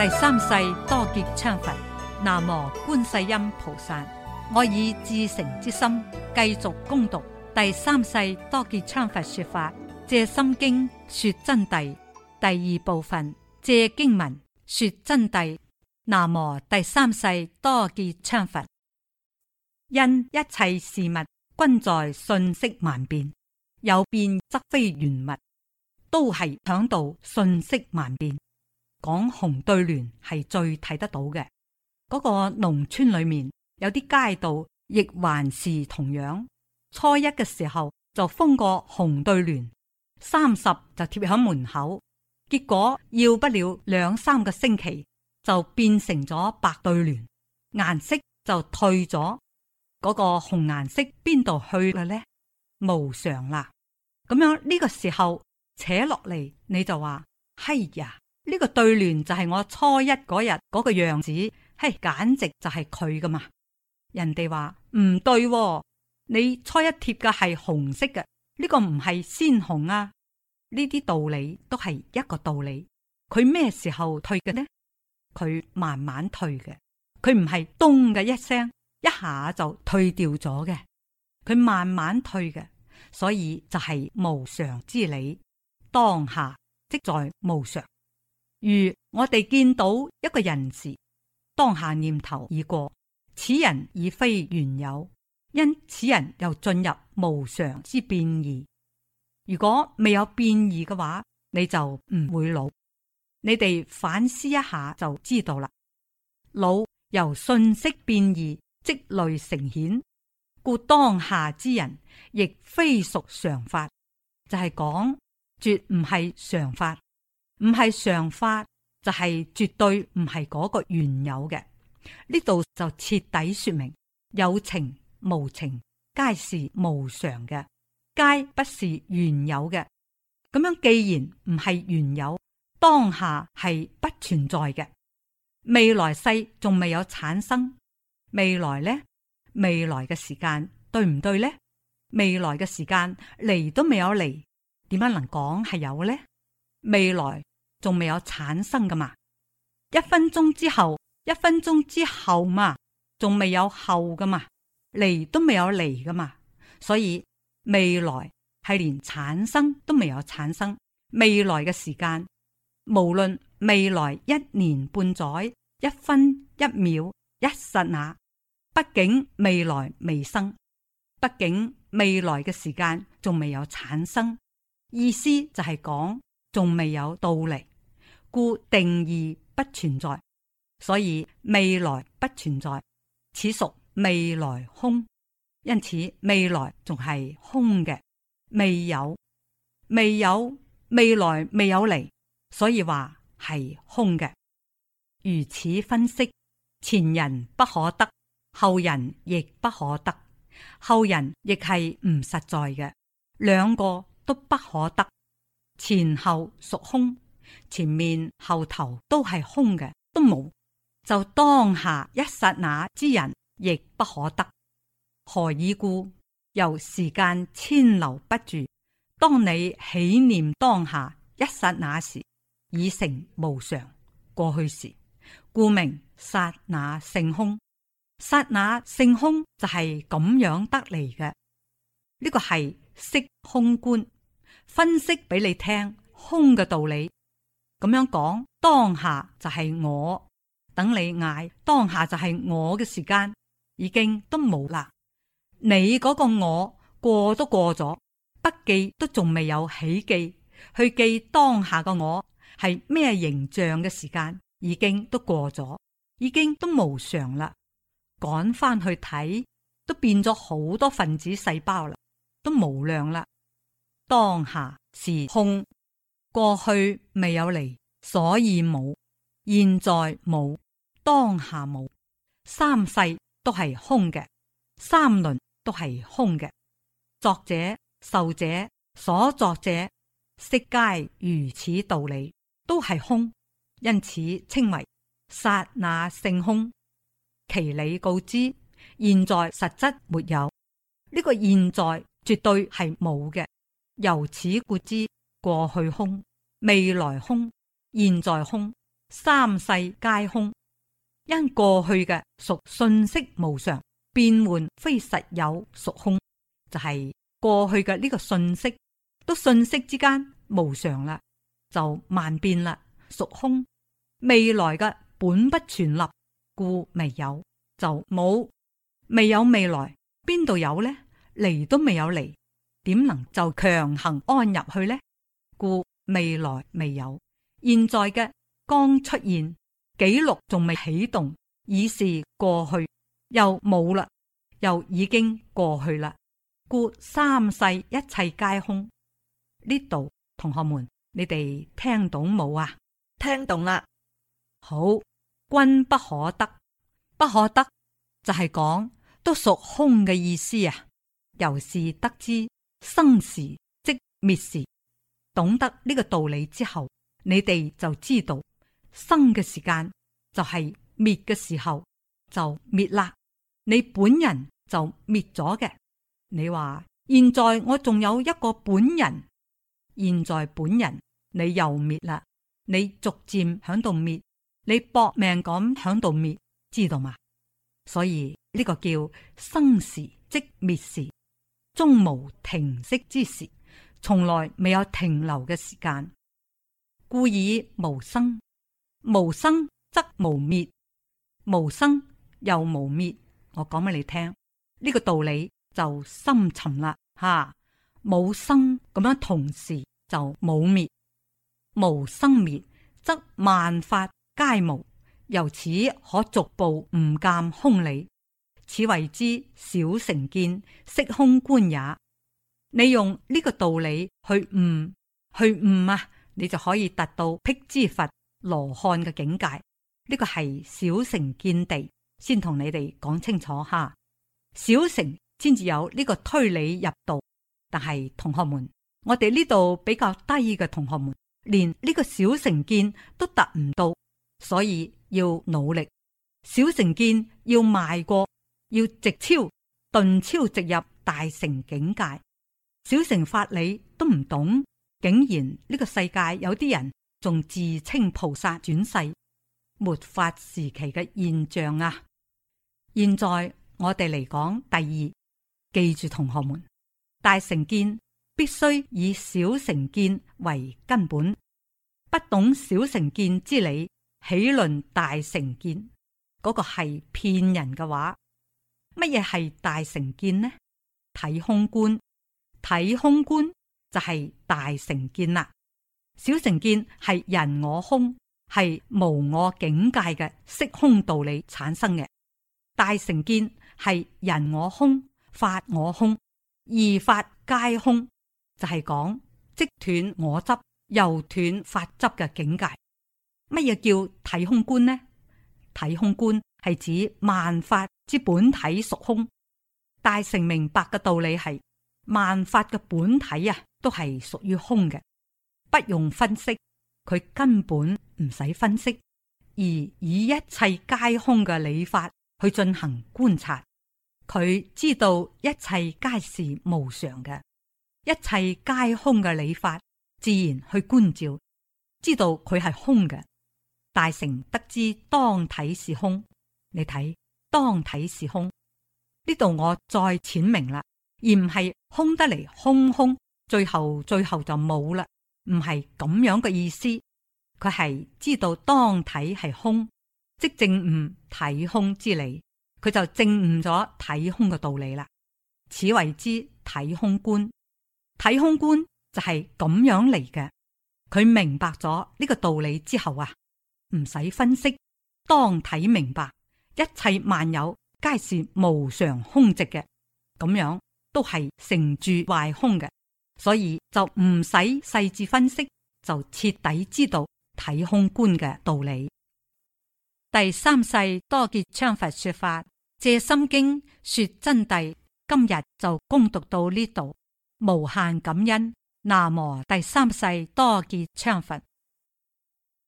第三世多杰羌佛，南無觀世音菩薩。我以至誠之心繼續攻讀第三世多杰羌佛說法，借心經說真諦第二部分，借經文說真諦。南無第三世多杰羌佛，因一切事物均在瞬息萬變，有變則非原物，都係響度瞬息萬變。講紅對聯係最睇得到嘅，嗰、那個農村裏面有啲街道亦還是同樣，初一嘅時候就封個紅對聯，三十就貼喺門口，結果要不了兩三個星期就變成咗白對聯，顏色就退咗，嗰、那個紅顏色邊度去啦咧？無常啦！咁樣呢、這個時候扯落嚟，你就話：係呀。呢個對聯就係我初一嗰日嗰個樣子，嘿，簡直就係佢噶嘛！人哋話唔對，哦，你初一貼嘅係紅色嘅，呢個唔係鮮紅啊！呢啲道理都係一個道理。佢咩時候退嘅呢？佢慢慢退嘅，佢唔係咚嘅一聲一下就退掉咗嘅，佢慢慢退嘅，所以就係無常之理，當下即在無常。如我哋見到一個人時，當下念頭已過，此人已非原有，因此人又進入無常之變異。如果未有變異嘅話，你就唔會老。你哋反思一下就知道啦。老由信息變異積累成顯，故當下之人亦非屬常法，就係、是、講絕唔係常法。唔係常法，就係、是、絕對唔係嗰個原有嘅。呢度就徹底說明有情無情皆是無常嘅，皆不是原有嘅。咁樣既然唔係原有，當下係不存在嘅，未來世仲未有產生，未來呢？未來嘅時間對唔對呢？未來嘅時間嚟，都未有嚟，點樣能講係有呢？未來。仲未有產生噶嘛？一分鐘之後，一分鐘之後嘛，仲未有後噶嘛？嚟都未有嚟噶嘛？所以未來係連產生都未有產生。未來嘅時間，無論未來一年半載、一分一秒、一剎那，畢竟未來未生，畢竟未來嘅時間仲未有產生。意思就係講仲未有到嚟。故定義不存在，所以未來不存在，此屬未來空。因此未來仲係空嘅，未有未有，未來未有嚟，所以話係空嘅。如此分析，前人不可得，後人亦不可得，後人亦係唔實在嘅，兩個都不可得，前後屬空。前面後頭都係空嘅，都冇就當下一剎那之人亦不可得。何以故？由時間遷流不住。當你起念當下一剎那時，已成無常過去時，故名剎那性空。剎那性空就係咁樣得嚟嘅。呢、這個係色空觀分析俾你聽空嘅道理。咁樣講，當下就係我。等你嗌，當下就係我嘅時間已經都冇啦。你嗰個我過都過咗，筆記都仲未有起記去記當下嘅我係咩形象嘅時間，已經都過咗，已經都無常啦。趕翻去睇，都變咗好多分子細胞啦，都無量啦。當下時空。過去未有嚟，所以冇；現在冇，當下冇，三世都係空嘅，三輪都係空嘅。作者、受者、所作者，悉皆如此道理，都係空，因此稱為剎那性空。其理告知，現在實質沒有，呢個現在，絕對係冇嘅。由此故知。過去空，未來空，現在空，三世皆空。因過去嘅屬信息無常，變換非實有，屬空，就係、是、過去嘅呢個信息都信息之間無常啦，就慢變啦，屬空。未來嘅本不存立，故未有就冇，未有未來邊度有呢？嚟都未有嚟，點能就強行安入去呢？故未來未有，現在嘅剛出現，紀錄仲未起動，已是過去，又冇啦，又已經過去啦。故三世一切皆空。呢度，同學們，你哋聽懂冇啊？聽懂啦。好，均不可得，不可得就係講都屬空嘅意思啊。由是得知生時即滅時。懂得呢個道理之後，你哋就知道生嘅時間就係滅嘅時候就滅啦，你本人就滅咗嘅。你話現在我仲有一個本人，現在本人你又滅啦，你逐漸響度滅，你搏命咁響度滅，知道嘛？所以呢個叫生時即滅時，終無停息之時。從來未有停留嘅時間，故以無生，無生則無滅，無生又無滅。我講俾你聽呢個道理就深沉啦，吓，無生咁樣同時就冇滅，無生滅則萬法皆無，由此可逐步悟鑒空理，此為之小成見，識空觀也。你用呢個道理，去悟去悟啊，你就可以達到辟支佛羅漢嘅境界。呢、這個係小乘見地，先同你哋講清楚吓。小乘先至有呢個推理入道，但係同學們，我哋呢度比較低嘅同學們，連呢個小乘見都達唔到，所以要努力。小乘見要邁過，要直超、頓超，直入大乘境界。小乘法理都唔懂，竟然呢個世界有啲人仲自稱菩薩轉世，末法時期嘅現象啊！現在我哋嚟講第二，記住同學們，大乘見必須以小乘見為根本，不懂小乘見之理，豈論大乘見，嗰個係騙人嘅話？乜嘢係大乘見呢？體空觀。睇空觀就係大成見啦，小成見係人我空，係無我境界嘅色空道理產生嘅。大成見係人我空、法我空，二法皆空，就係講即斷我執又斷法執嘅境界。乜嘢叫體空觀呢？體空觀係指萬法之本體屬空，大成明白嘅道理係。萬法嘅本體啊，都係屬於空嘅，不用分析，佢根本唔使分析，而以一切皆空嘅理法去進行觀察，佢知道一切皆是無常嘅，一切皆空嘅理法自然去觀照，知道佢係空嘅。大成得知當體是空，你睇，當體是空，呢度我再淺明啦，而唔係。空得嚟，空空，最後最後就冇啦。唔係咁樣嘅意思，佢係知道當體係空，即證悟體空之理，佢就證悟咗體空嘅道理啦。此謂之體空觀，體空觀就係咁樣嚟嘅。佢明白咗呢個道理之後啊，唔使分析，當體明白一切萬有皆是無常空寂嘅，咁樣。都係成住壞空嘅，所以就唔使細緻分析，就徹底知道體空觀嘅道理。第三世多杰羌佛說法，藉心經說真諦，今日就恭讀到呢度，無限感恩。南無第三世多杰羌佛。